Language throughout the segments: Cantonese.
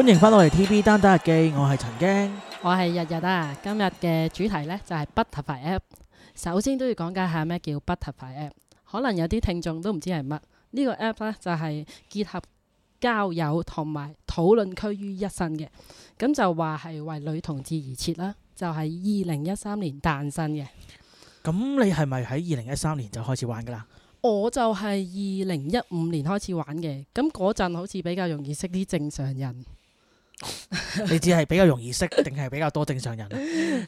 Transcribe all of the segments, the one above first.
歡迎翻落嚟 TV《單打日記》，我，我係曾驚，我係日日啊！今日嘅主題呢，就係 Butterfly App。首先都要講解下咩叫 Butterfly App。可能有啲聽眾都唔知係乜。呢個 App 呢，就係結合交友同埋討論區於一身嘅。咁就話係為女同志而設啦。就係二零一三年誕生嘅。咁你係咪喺二零一三年就開始玩噶啦？我就係二零一五年開始玩嘅。咁嗰陣好似比較容易識啲正常人。 你只係比較容易識，定係比較多正常人？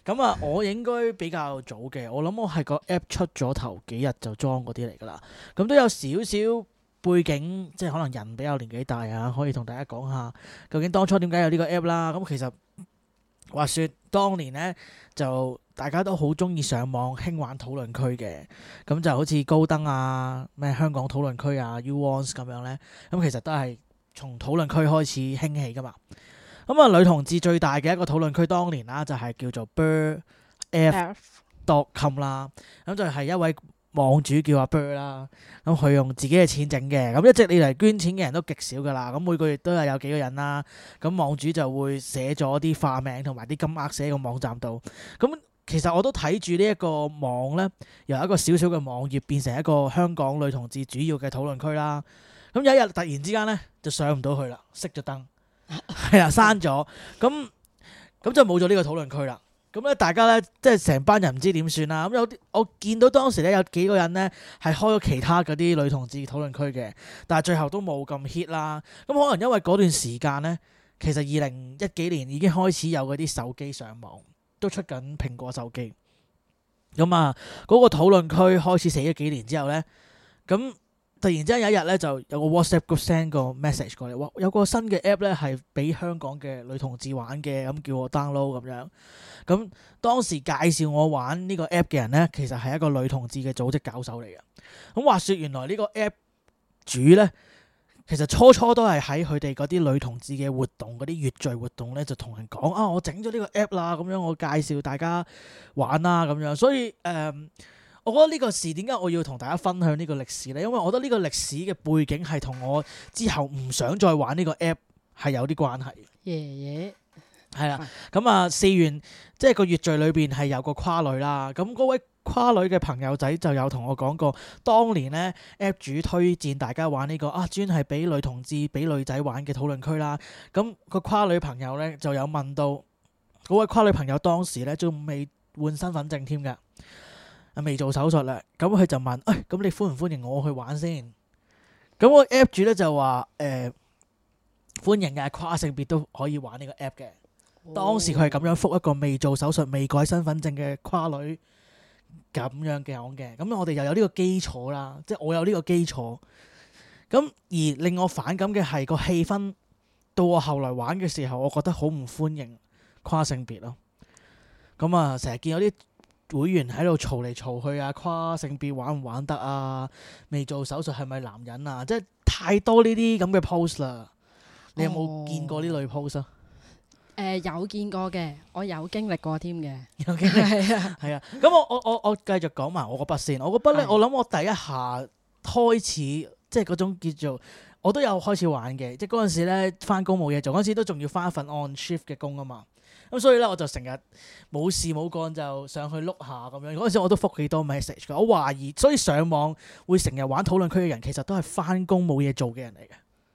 咁啊， 我應該比較早嘅。我諗我係個 app 出咗頭幾日就裝嗰啲嚟噶啦。咁都有少少背景，即係可能人比較年紀大啊，可以同大家講下，究竟當初點解有呢個 app 啦？咁其實話說當年呢就大家都好中意上網興玩討論區嘅，咁就好似高登啊、咩香港討論區啊、Uwants 咁樣呢。咁其實都係從討論區開始興起噶嘛。咁啊，女同志最大嘅一個討論區當年啦，嗯、就係叫做 bird.af.com d o 啦。咁就係一位網主叫阿 bird 啦。咁、嗯、佢用自己嘅錢整嘅，咁、嗯、一直以來捐錢嘅人都極少噶啦。咁、嗯、每個月都係有幾個人啦。咁、嗯、網主就會寫咗啲化名同埋啲金額寫喺個網站度。咁、嗯、其實我都睇住呢一個網咧，由一個小小嘅網頁變成一個香港女同志主要嘅討論區啦。咁、嗯、有一日突然之間咧，就上唔到去啦，熄咗燈。係啊，刪咗咁，咁就冇咗呢個討論區啦。咁咧，大家咧即係成班人唔知點算啦。咁有啲我見到當時咧有幾個人咧係開咗其他嗰啲女同志討論區嘅，但係最後都冇咁 hit 啦。咁可能因為嗰段時間咧，其實二零一幾年已經開始有嗰啲手機上網，都出緊蘋果手機。咁啊，嗰個討論區開始死咗幾年之後咧，咁。突然之間有一日咧，就有個 WhatsApp 個 send 個 message 過嚟，哇！有個新嘅 app 咧，係俾香港嘅女同志玩嘅，咁叫我 download 咁樣。咁當時介紹我玩呢個 app 嘅人咧，其實係一個女同志嘅組織搞手嚟嘅。咁話説原來呢個 app 主咧，其實初初都係喺佢哋嗰啲女同志嘅活動、嗰啲月聚活動咧，就同人講啊，我整咗呢個 app 啦，咁樣我介紹大家玩啦，咁樣。所以誒。呃我覺得呢個事點解我要同大家分享呢個歷史呢？因為我覺得呢個歷史嘅背景係同我之後唔想再玩呢個 App 係有啲關係。爺爺係啦，咁啊、嗯，四月即係個月聚裏邊係有個跨女啦。咁嗰位跨女嘅朋友仔就有同我講過，當年呢 App 主推薦大家玩呢、這個啊，專係俾女同志、俾女仔玩嘅討論區啦。咁、那個跨女朋友呢，就有問到，嗰位跨女朋友當時呢，仲未換身份證添㗎。未做手術啦，咁佢就問，哎，咁你歡唔歡迎我去玩先？咁我 A P P 主咧就話，誒、呃，歡迎嘅，跨性別都可以玩呢個 A P P 嘅。哦、當時佢係咁樣覆一個未做手術、未改身份證嘅跨女，咁樣嘅樣嘅。咁我哋又有呢個基礎啦，即係我有呢個基礎。咁而令我反感嘅係個氣氛，到我後來玩嘅時候，我覺得好唔歡迎跨性別咯。咁啊，成日見有啲。會員喺度嘈嚟嘈去啊，跨性別玩唔玩得啊？未做手術係咪男人啊？即係太多呢啲咁嘅 post 啦。你有冇見過呢類 post 啊、哦？誒、呃，有見過嘅，我有經歷過添嘅。有經歷係啊。係啊。咁我我我我繼續講埋我嗰筆先。我嗰筆咧，啊、我諗我第一下開始，即係嗰種叫做，我都有開始玩嘅。即係嗰陣時咧，翻工冇嘢做，嗰陣時都仲要翻一份 on shift 嘅工啊嘛。咁所以咧，我就成日冇事冇幹就上去碌下咁樣。嗰陣時我都復幾多 message 我懷疑，所以上網會成日玩討論區嘅人，其實都係翻工冇嘢做嘅人嚟嘅。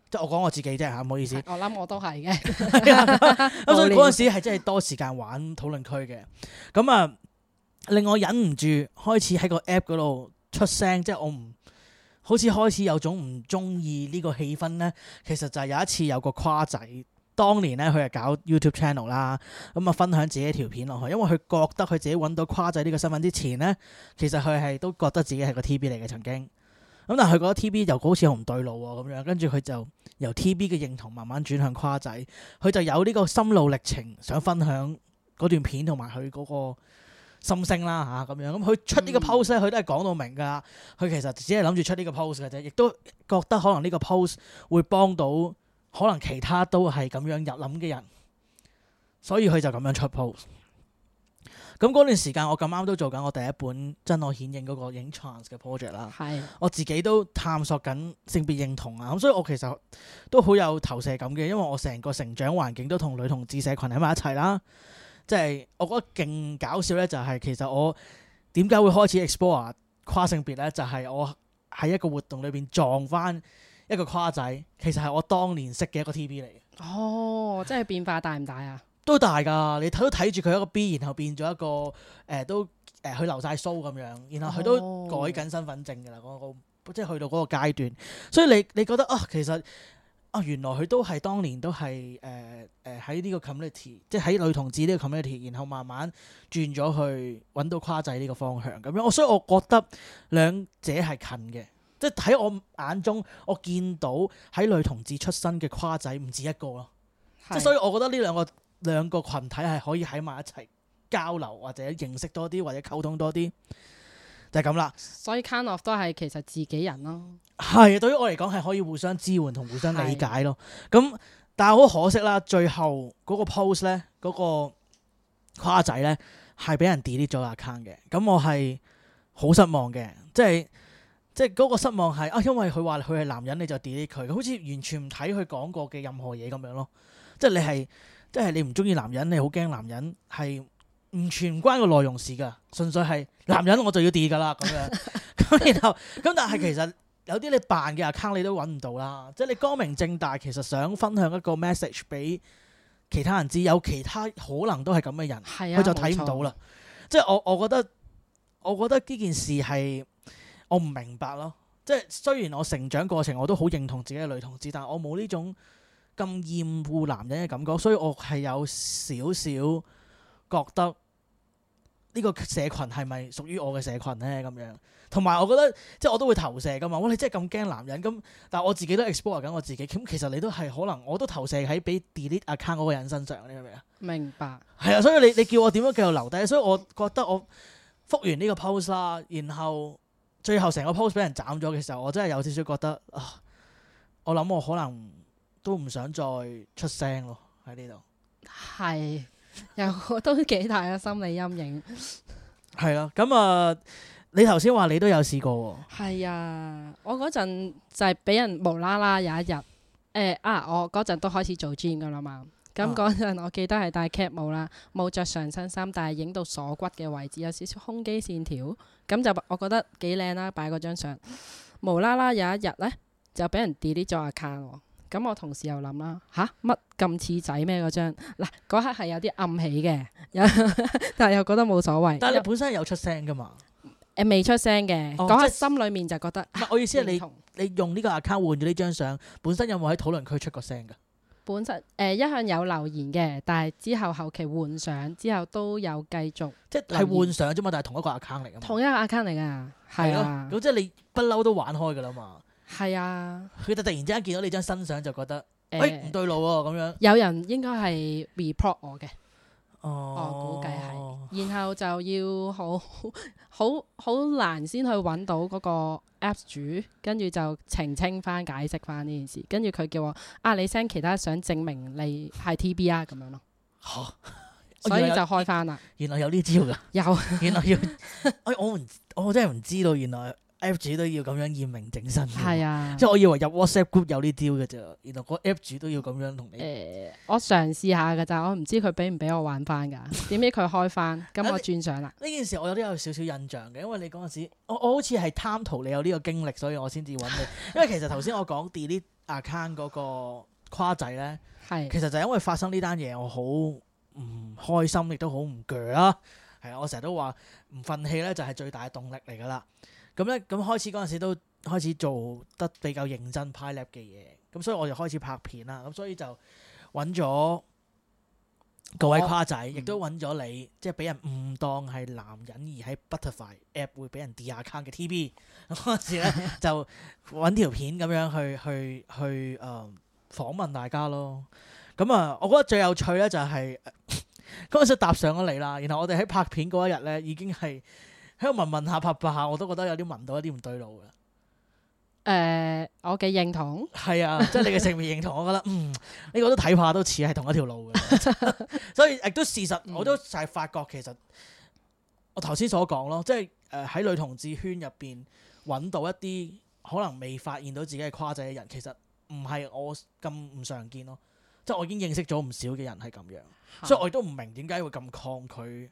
即係我講我自己啫嚇，唔好意思。我諗我都係嘅。咁所以嗰陣時係真係多時間玩討論區嘅。咁啊，令我忍唔住開始喺個 app 嗰度出聲，即係我唔好似開始有種唔中意呢個氣氛咧。其實就係有一次有一個誇仔。當年咧，佢係搞 YouTube channel 啦，咁啊分享自己條片落去，因為佢覺得佢自己揾到跨仔呢個身份之前咧，其實佢係都覺得自己係個 TB 嚟嘅曾經。咁但係佢覺得 TB 又好似好唔對路喎咁樣，跟住佢就由 TB 嘅認同慢慢轉向跨仔，佢就有呢個心路歷程想分享嗰段片同埋佢嗰個心聲啦嚇咁樣。咁佢出呢個 post 咧，佢都係講到明㗎。佢其實只係諗住出呢個 post 嘅啫，亦都覺得可能呢個 post 會幫到。可能其他都係咁樣入諗嘅人，所以佢就咁樣出 post。咁嗰段時間，我咁啱都做緊我第一本《真我顯影》嗰個影 trans 嘅 project 啦。係的，我自己都探索緊性別認同啊。咁所以我其實都好有投射感嘅，因為我成個成長環境都同女同志社群喺埋一齊啦。即、就、係、是、我覺得勁搞笑呢，就係其實我點解會開始 explore 跨性別呢？就係、是、我喺一個活動裏邊撞翻。一個跨仔，其實係我當年識嘅一個 T.B. 嚟嘅。哦，真係變化大唔大啊？都大㗎，你睇都睇住佢一個 B，然後變咗一個誒、呃，都誒佢留曬須咁樣，然後佢都改緊身份證㗎啦，嗰個、哦、即係去到嗰個階段。所以你你覺得啊，其實啊，原來佢都係當年都係誒誒喺呢個 community，即係喺女同志呢個 community，然後慢慢轉咗去揾到跨仔呢個方向咁樣。我所以我覺得兩者係近嘅。即係喺我眼中，我見到喺女同志出身嘅跨仔唔止一個咯。即係的所以，我覺得呢兩個兩個群體係可以喺埋一齊交流，或者認識多啲或者溝通多啲，就係咁啦。所以，kind of 都係其實自己人咯。係，對於我嚟講係可以互相支援同互相理解咯。咁的但係好可惜啦，最後嗰個 post 咧，嗰、嗰個跨仔咧係俾人 delete 咗 account 嘅。咁我係好失望嘅，即係。即係嗰個失望係啊，因為佢話佢係男人，你就 delete 佢，好似完全唔睇佢講過嘅任何嘢咁樣咯。即係你係，即係你唔中意男人，你好驚男人係唔全唔關個內容事㗎，純粹係男人我就要 delete 㗎啦咁樣。咁 然後咁，但係其實有啲你扮嘅 account 你都揾唔到啦。即係你光明正大其實想分享一個 message 俾其他人知，有其他可能都係咁嘅人，佢、啊、就睇唔到啦。冇錯。即係我，我覺得，我覺得呢件事係。我唔明白咯，即係雖然我成長過程我都好認同自己嘅女同志，但係我冇呢種咁厭惡男人嘅感覺，所以我係有少少覺得呢個社群係咪屬於我嘅社群呢？咁樣同埋，我覺得即係我都會投射噶嘛。我你真係咁驚男人咁，但係我自己都 explore 緊我自己，咁其實你都係可能我都投射喺俾 delete account 嗰個人身上，你明唔明啊？明白係啊，所以你你叫我點樣繼續留低？所以我覺得我複完呢個 post 啦，然後。最後成個 pose 俾人斬咗嘅時候，我真係有少少覺得啊！我諗我可能都唔想再出聲咯喺呢度，係又都幾大嘅心理陰影。係啦、 啊，咁啊，你頭先話你都有試過喎。係啊，我嗰陣就係俾人無啦啦有一日，誒、呃、啊！我嗰陣都開始做 gym 噶啦嘛，咁嗰陣我記得係戴 cap 帽啦，冇着上身衫，但係影到鎖骨嘅位置有少少胸肌線條。咁就我覺得幾靚啦，擺嗰張相。無啦啦有一日呢，就俾人 delete 咗個 account 喎。咁我同事又諗啦，吓、啊，乜咁似仔咩？嗰張嗱嗰刻係有啲暗起嘅， 但係又覺得冇所謂。但係你本身有出聲噶嘛？誒、呃、未出聲嘅，講喺、哦、心裡面就覺得。哦、唉我意思係同你你用呢個 account 換咗呢張相，本身有冇喺討論區出過聲㗎？本身誒、呃、一向有留言嘅，但係之後後期換相之後都有繼續，即係換相啫嘛，但係同一個 account 嚟㗎嘛，同一個 account 嚟㗎，係咯、啊，咁、啊、即係你不嬲都玩開噶啦嘛，係啊，佢就突然之間見到你張新相就覺得誒唔、呃哎、對路喎咁樣，有人應該係 report 我嘅，哦，我估計係，然後就要好好好難先去揾到嗰、嗰個。主跟住就澄清翻、解釋翻呢件事，跟住佢叫我啊，你 send 其他想證明你係 TB 啊咁樣咯，哦、所以就開翻啦。原來有呢招噶，有，有，原來要，我唔，我真係唔知道，原來。a p p 主都要咁樣驗明整身，係是啊，即係我以為入 WhatsApp group 有呢啲嘅啫，原來個 a p p 主都要咁樣同你。誒，我嘗試下嘅咋，我唔知佢俾唔俾我玩翻㗎。點知佢開翻，咁我轉上啦。呢件事我都有少少印象嘅，因為你嗰陣時，我我好似係貪圖你有呢個經歷，所以我先至揾你。 因為其實頭先我講 delete account 嗰個誇仔咧，係 其實就因為發生呢單嘢，我好唔開心，亦都好唔鋸啦。係啊，我成日都話唔忿氣咧，就係最大嘅動力嚟㗎啦。咁咧，咁開始嗰陣時都開始做得比較認真拍 lap 嘅嘢，咁所以我就開始拍片啦。咁所以就揾咗各位夸仔，亦都揾咗你，即係俾人誤當係男人而喺 Butterfly app 會俾人 d 下坑嘅 t v 嗰陣時咧， 就揾條片咁樣去去去誒、呃、訪問大家咯。咁啊，我覺得最有趣咧就係嗰陣時搭上咗嚟啦。然後我哋喺拍片嗰一日咧已經係。聽聞聞下，拍拍下，我都覺得有啲聞到一啲唔對路嘅。誒、呃，我幾認同。係啊， 即係你嘅性面認同，我覺得嗯，呢個都睇怕都似係同一條路嘅。 所以亦都事實，嗯、我都就係發覺，其實我頭先所講咯，即係誒喺女同志圈入邊揾到一啲可能未發現到自己係跨仔嘅人，其實唔係我咁唔常見咯。即係我已經認識咗唔少嘅人係咁樣，的所以我亦都唔明點解會咁抗拒。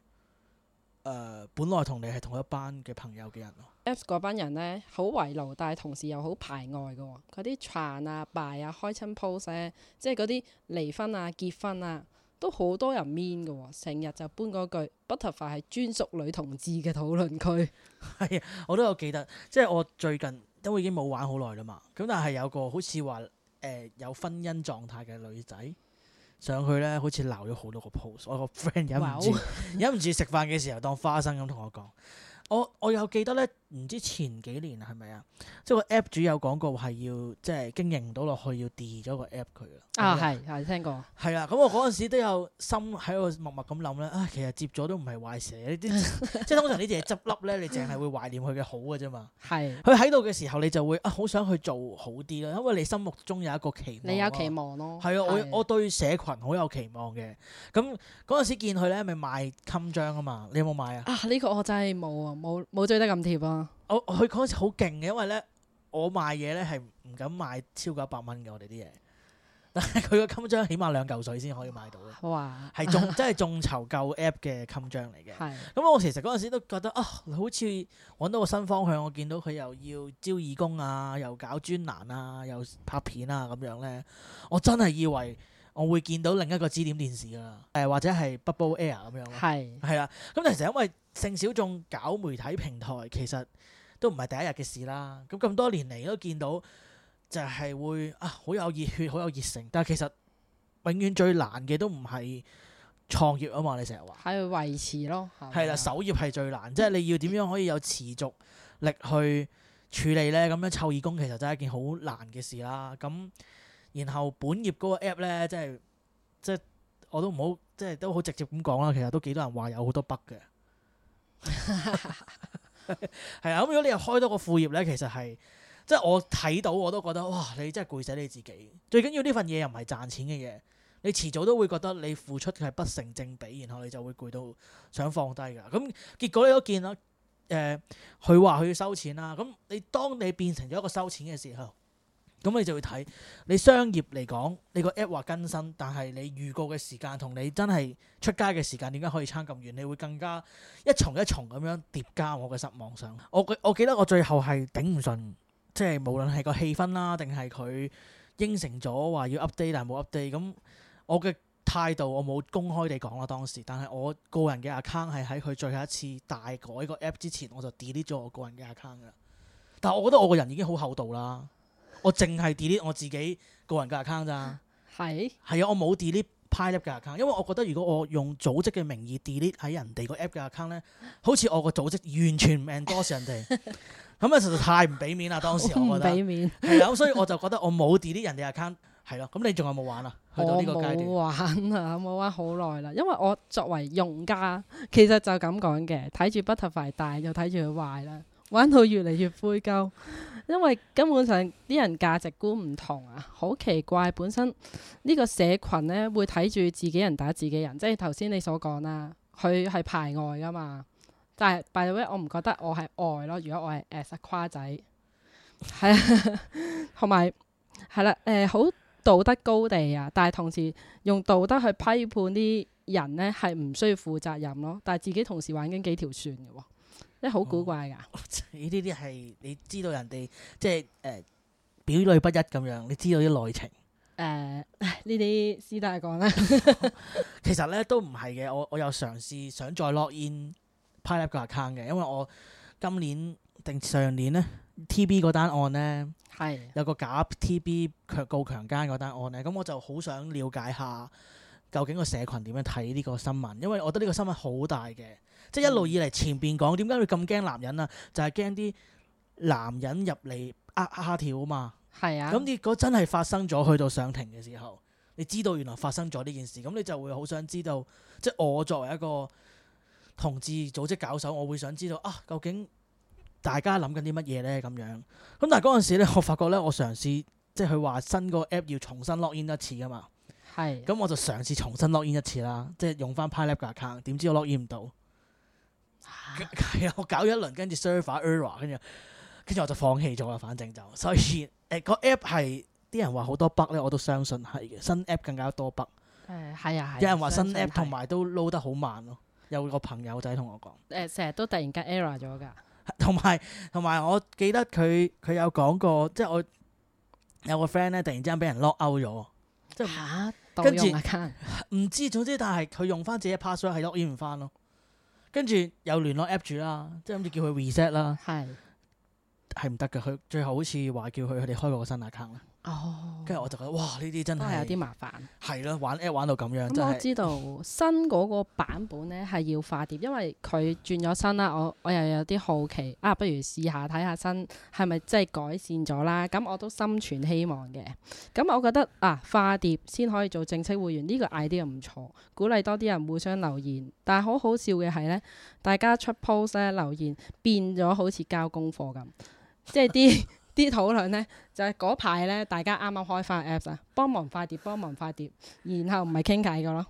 呃、本來同你係同一班嘅朋友嘅人咯。Apps 嗰班人呢，好圍爐，但係同時又好排外嘅、哦。嗰啲殘啊、敗啊、開親 pose、啊、即係嗰啲離婚啊、結婚啊，都好多人 mean 嘅、哦。成日就搬嗰句 ，Butterfly 係專屬女同志嘅討論區。係啊，我都有記得，即、就、係、是、我最近都已經冇玩好耐啦嘛。咁但係有個好似話誒有婚姻狀態嘅女仔。上去咧，好似鬧咗好多個 pose，我個 friend 忍唔住， 忍唔住食飯嘅時候當花生咁同我講，我我又記得咧。唔知前幾年啊，係咪啊？即個 app 主有講過話係要即係經營到落去，要 delete 咗個 app 佢啊。啊，係係聽過。係啊，咁我嗰陣時都有心喺度默默咁諗咧。啊，其實接咗都唔係壞事，即係通常呢啲嘢執笠咧，你淨係會懷念佢嘅好嘅啫嘛。係。佢喺度嘅時候，你就會啊，好想去做好啲啦，因為你心目中有一個期望。你有期望咯。係啊，我我對社群好有期望嘅。咁嗰陣時見佢咧，咪賣襟章啊嘛？你有冇買啊？啊，呢個我真係冇啊，冇冇追得咁貼啊。我佢嗰陣時好勁嘅，因為咧我賣嘢咧係唔敢賣超過一百蚊嘅，我哋啲嘢。但係佢個襟章起碼兩嚿水先可以買到嘅。哇！係眾中，即係眾籌購 app 嘅襟章嚟嘅。咁是、嗯、我其實嗰陣時都覺得啊、哦，好似揾到個新方向。我見到佢又要招義工啊，又搞專欄啊，又拍片啊咁樣咧，我真係以為我會見到另一個 G 點電視㗎啦。誒、呃，或者係 Bubble Air 咁樣。係是。係啦、啊。咁、嗯、其實因為性小眾搞媒體平台，其實。都唔係第一日嘅事啦。咁咁多年嚟都見到就，就係會啊，好有熱血，好有熱誠。但係其實永遠最難嘅都唔係創業啊嘛。你成日話係維持咯，係啦，守業係最難，即係你要點樣可以有持續力去處理呢？咁樣湊義工其實真係一件好難嘅事啦。咁然後本業嗰個 app 呢，即係即係我都唔好，即係都好直接咁講啦。其實都幾多人話有好多 bug 嘅。 係啊，咁 如果你又開多個副業咧，其實係即係我睇到我都覺得哇，你真係攰死你自己。最緊要呢份嘢，又唔係賺錢嘅嘢，你遲早都會覺得你付出嘅係不成正比，然後你就會攰到想放低噶。咁結果你都見啦，誒、呃，佢話佢要收錢啦。咁你當你變成咗一個收錢嘅時候。咁你就會睇，你商業嚟講，你個 app 話更新，但係你預告嘅時間同你真係出街嘅時間，點解可以差咁遠？你會更加一重一重咁樣疊加我嘅失望上。我我記得我最後係頂唔順，即係無論係個氣氛啦，定係佢應承咗話要 update 但係冇 update。咁、嗯、我嘅態度我冇公開地講啦當時，但係我個人嘅 account 係喺佢最後一次大改個 app 之前，我就 delete 咗我個人嘅 account 㗎。但係我覺得我個人已經好厚道啦。我淨係 delete 我自己個人嘅 account 咋，係係啊，我冇 delete 派入嘅 account，因為我覺得如果我用組織嘅名義 delete 喺人哋個 app 嘅 account 咧，好似我個組織完全唔 endorse 人哋，咁啊實在太唔俾面啦！當時我覺得係啊，所以我就覺得我冇 delete 人哋 account 係咯。咁你仲有冇玩啊？去到呢我段，玩啊，冇玩好耐啦，因為我作為用家其實就咁講嘅，睇住 Bitify 大又睇住佢壞啦，玩到越嚟越灰鳩。因為根本上啲人價值觀唔同啊，好奇怪！本身呢個社群呢，會睇住自己人打自己人，即係頭先你所講啦，佢係排外噶嘛。但係 by the way，我唔覺得我係外咯。如果我係 as a 跨仔，係啊，同埋係啦，誒好道德高地啊，但係同時用道德去批判啲人呢，係唔需要負責任咯。但係自己同時玩緊幾條船嘅喎、哦。好古怪噶，咦、哦？呢啲係你知道人哋即係誒、呃、表裏不一咁樣，你知道啲內情？誒、呃，呢啲師大講啦。其實咧都唔係嘅，我我有嘗試想再 log in private 個 account 嘅，因為我今年定上年咧 TB 嗰單案咧係的有個假 TB 卻告強奸嗰單案咧，咁我就好想了解下究竟個社群點樣睇呢個新聞，因為我覺得呢個新聞好大嘅。即係一路以嚟前邊講點解佢咁驚男人,、就是、男人啊？就係驚啲男人入嚟呃蝦條啊嘛。咁結果真係發生咗，去到上庭嘅時候，你知道原來發生咗呢件事，咁你就會好想知道，即係我作為一個同志組織搞手，我會想知道啊，究竟大家諗緊啲乜嘢呢？」咁樣咁，但係嗰陣時呢，我發覺呢，我嘗試即係佢話新個 app 要重新 login 一次㗎嘛。係、啊。咁我就嘗試重新 login 一次啦，即係用翻 Pilab account 點知我 login 唔到。係啊， 我搞咗一輪，跟住 server error，跟住跟住我就放棄咗啦。反正就，所以誒、呃那個 app 係啲人話好多 bug 咧，我都相信係嘅。新 app 更加多 bug、呃。誒、啊，係啊係、啊啊。有人話新 app 同埋，都 load 得好慢咯，有個朋友仔同我講。誒、呃，成日都突然間 error 咗噶。同埋同埋，我記得佢佢有講過，即係我有個 friend 咧，突然之間俾人 lock out 咗、啊，即係吓，跟住唔知，總之但係佢用翻自己 password 係 lock in 唔翻咯。跟住又聯絡 app 住啦，即係諗住叫佢 reset 啦，係係唔得㗎。佢最後好似話叫佢佢哋開個新 account。哦，跟住我就覺得哇，呢啲真係有啲麻煩。係咯，玩 app 玩到咁樣，咁我知道新嗰個版本呢係要化蝶， 因為佢轉咗身啦。我我又有啲好奇，啊，不如試下睇下新係咪真係改善咗啦？咁我都心存希望嘅。咁我覺得啊，化蝶先可以做正式會員，呢、這個 idea 唔錯，鼓勵多啲人互相留言。但係好好笑嘅係呢，大家出 post 咧留言變咗好似交功課咁，即係啲。啲討論咧就係嗰排咧，大家啱啱開翻 app 啊，幫忙化碟，幫忙化碟，然後唔係傾偈嘅咯。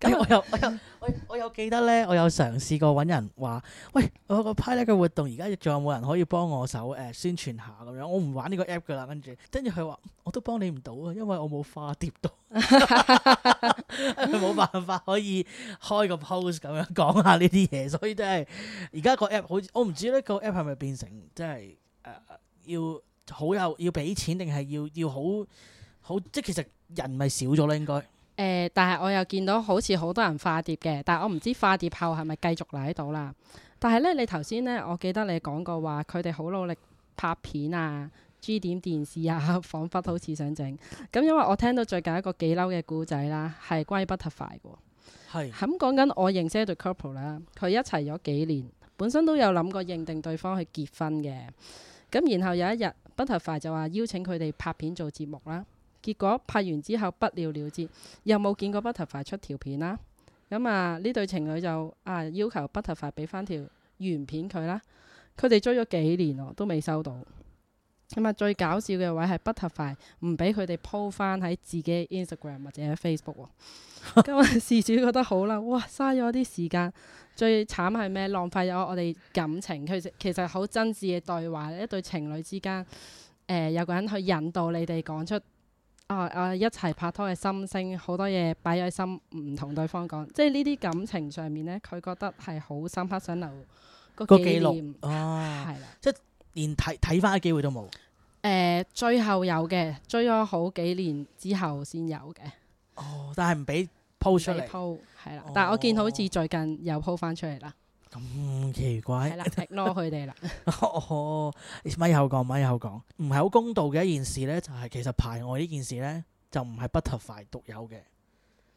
咁、啊、我又我又我有我又記得咧，我有嘗試過揾人話，喂，我個派呢個活動而家仲有冇人可以幫我手誒、呃、宣傳下咁樣？我唔玩呢個 app 噶啦，跟住跟住佢話我都幫你唔到啊，因為我冇化碟到，冇 辦法可以開個 pose 咁樣講下呢啲嘢，所以真係而家個 app 好似我唔知呢個 app 係咪變成即係誒。要好有要俾錢，定係要要好好？即係其實人咪少咗啦，應該誒。但係我又見到好似好多人化蝶嘅，但係我唔知化蝶後係咪繼續嚟到度啦。但係呢，你頭先呢，我記得你講過話，佢哋好努力拍片啊、G 點電視啊， 彷彿好似想整咁。因為我聽到最近一個幾嬲嘅故仔啦，係關於 Butterfly 嘅喎，係咁講緊我認識 al, 一對 couple 啦，佢一齊咗幾年，本身都有諗過認定對方去結婚嘅。咁然後有一日，Butterfly 就話邀請佢哋拍片做節目啦。結果拍完之後不了了之，又冇見過 Butterfly 出條片啦。咁、嗯、啊，呢對情侶就啊要求 Butterfly 俾翻條原片佢啦。佢哋追咗幾年咯，都未收到。咁、嗯、啊，最搞笑嘅位係 Butterfly 唔俾佢哋 po 翻喺自己 Instagram 或者喺 Facebook。咁啊， 事主覺得好啦，哇，嘥咗啲時間。最慘係咩？浪費咗我哋感情，佢其實好真摯嘅對話，一對情侶之間、呃，有個人去引導你哋講出啊啊、呃呃、一齊拍拖嘅心聲，好多嘢擺喺心，唔同對方講。即係呢啲感情上面呢，佢覺得係好深刻，想留個記念。係啦，即係連睇睇翻嘅機會都冇。誒了、呃，最後有嘅，追咗好幾年之後先有嘅。哦，但係唔俾鋪出嚟。係啦，但係我見好似最近又 po 翻出嚟啦，哦，咁奇怪係啦，係攞佢哋啦。 們 哦，你咪口講，咪口後講，唔係好公道嘅一件事咧，就係、是、其實排外呢件事咧，就唔係不特 f 獨有嘅。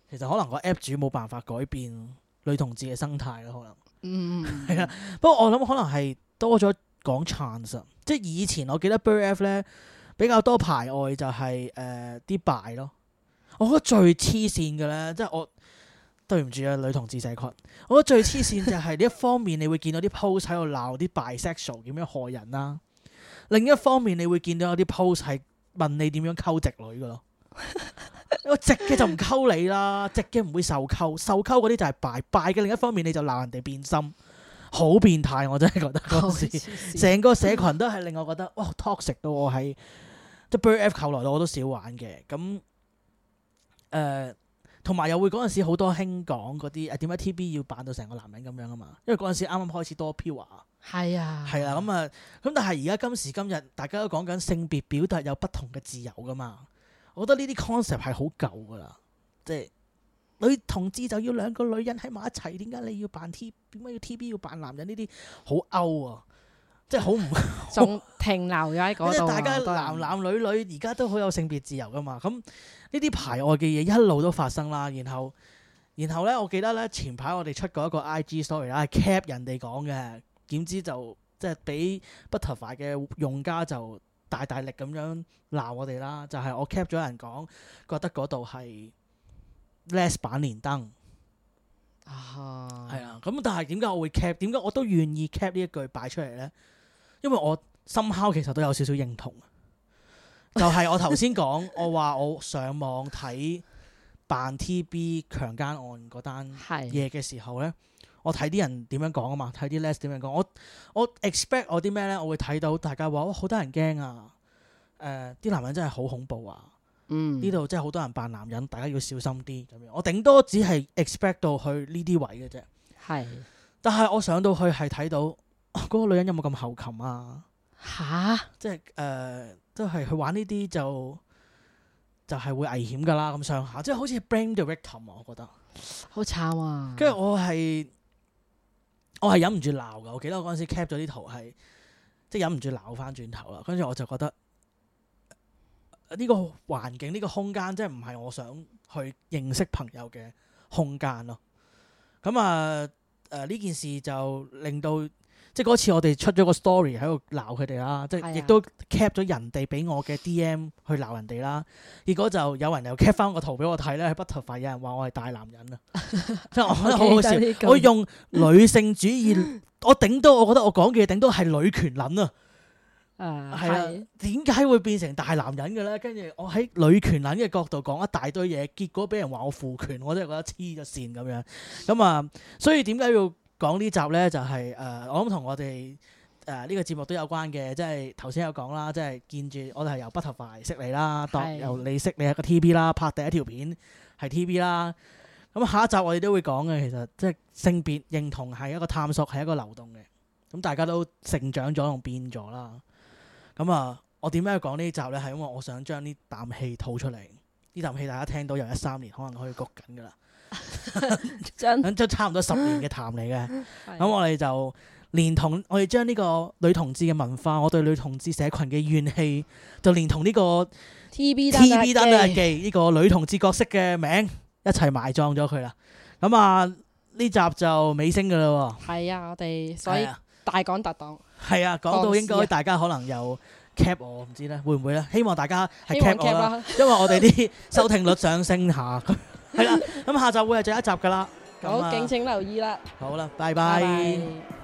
其實可能個 app 主冇辦法改變女同志嘅生態咯，可能嗯係啦。 不過我諗可能係多咗講撐實，即係以前我記得 BTF 咧比較多排外就係誒啲敗咯。我覺得最黐線嘅咧，即係我。對唔住啊，女同志社群，我覺得最黐線就係呢一方面， 你會見到啲 post 喺度鬧啲 bisexual 點樣害人啦、啊；另一方面，你會見到有啲 post 係問你點樣溝直女嘅咯。 我直嘅就唔溝你啦， 直嘅唔會受溝，受溝嗰啲就係拜拜嘅。另一方面，你就鬧人哋變心，好變態，我真係覺得當時，成個社群都係令我覺得哇，toxic 到我係即係 break up 後來到我都少玩嘅咁誒。同埋又會嗰陣時好多興講嗰啲誒點解 TV 要扮到成個男人咁樣啊嘛，因為嗰陣時啱啱開始多飆是啊，啊，係、嗯、啊，係啦咁啊，咁但係而家今時今日大家都講緊性別表達有不同嘅自由噶嘛，我覺得呢啲 concept 係好舊噶啦，即係女同志就要兩個女人喺埋一齊，點解你要扮 T？點解要 TV 要扮男人呢啲好 out 啊！即係好唔仲停留喺嗰度，因為大家男男女女而家都好有性別自由噶嘛。咁呢啲排外嘅嘢一路都發生啦。然後，然後呢，我記得呢前排我哋出過一個 IG story 啦，係 cap 人哋講嘅，點知就即係俾 Butterfly 嘅用家就大大力咁樣鬧我哋啦。就係我 cap 咗人講，覺得嗰度係 less 版連登啊，係啊、哎。咁但係點解我會 cap？點解我都願意 cap 呢一句擺出嚟呢？因為我深烤其實都有少少認同， 就係我頭先講， 我話我上網睇扮 TB 強姦案嗰單嘢嘅時候呢的我睇啲人點樣講啊嘛，睇啲 less 點樣講，我我 expect 我啲咩呢？我會睇到大家話好多人驚啊，誒、呃、啲男人真係好恐怖啊，呢度、嗯、真係好多人扮男人，大家要小心啲。我頂多只係 expect 到去呢啲位嘅啫，的但係我上到去係睇到。嗰、啊那個女人有冇咁猴擒啊？吓、啊呃，即係誒，都係去玩呢啲就就係、是、會危險噶啦。咁上下即係好似 blame the victim 啊，我覺得好慘啊。跟住我係我係忍唔住鬧噶。我記得我嗰陣時 cap 咗啲圖係即係忍唔住鬧翻轉頭啦。跟住我就覺得呢、呃這個環境呢、這個空間即係唔係我想去認識朋友嘅空間咯、啊。咁啊誒呢件事就令到。即係嗰次我哋出咗個 story 喺度鬧佢哋啦，哎、呀 即係亦都 k e p t 咗人哋俾我嘅 DM 去鬧人哋啦。結果就有人又 k e p t 翻個圖俾我睇咧，喺 Butterfly 有人話我係大男人啊，即係 我覺得好好笑。Okay, 我用女性主義， 我頂多我覺得我講嘅嘢頂多係女權撚 啊。係啊，點解會變成大男人嘅咧？跟住我喺女權撚嘅角度講一大堆嘢，結果俾人話我父權，我真係覺得黐咗線咁樣。咁啊，所以點解要？講呢集呢，就係、是、誒、呃，我諗同我哋誒呢個節目都有關嘅，即係頭先有講啦，即係見住我哋係由不頭快識你啦，當的由你識你係個 T v 啦，拍第一條片係 T v 啦。咁、嗯、下一集我哋都會講嘅，其實即係性別認同係一個探索，係一個流動嘅。咁、嗯、大家都成長咗同變咗啦。咁、嗯、啊，我點解要講呢集呢？係因為我想將呢啖氣吐出嚟，呢啖氣大家聽到有一三年可能可以焗緊噶啦。將 差唔多十年嘅談嚟嘅，咁 是我哋就連同我哋將呢個女同志嘅文化，我對女同志社群嘅怨氣，就連同呢個 T B T B 單日記呢、這個女同志角色嘅名一齊埋葬咗佢啦。咁啊，呢集就尾聲噶啦。係啊，我哋所以大講特講。係的的啊，講到應該大家可能有 cap 我唔知咧，會唔會咧？希望大家係 cap 我啦，cap 因為我哋啲收聽率上升下。 係啦，咁 下集會係最後一集㗎啦，好，那敬請留意啦。好啦，拜拜。Bye bye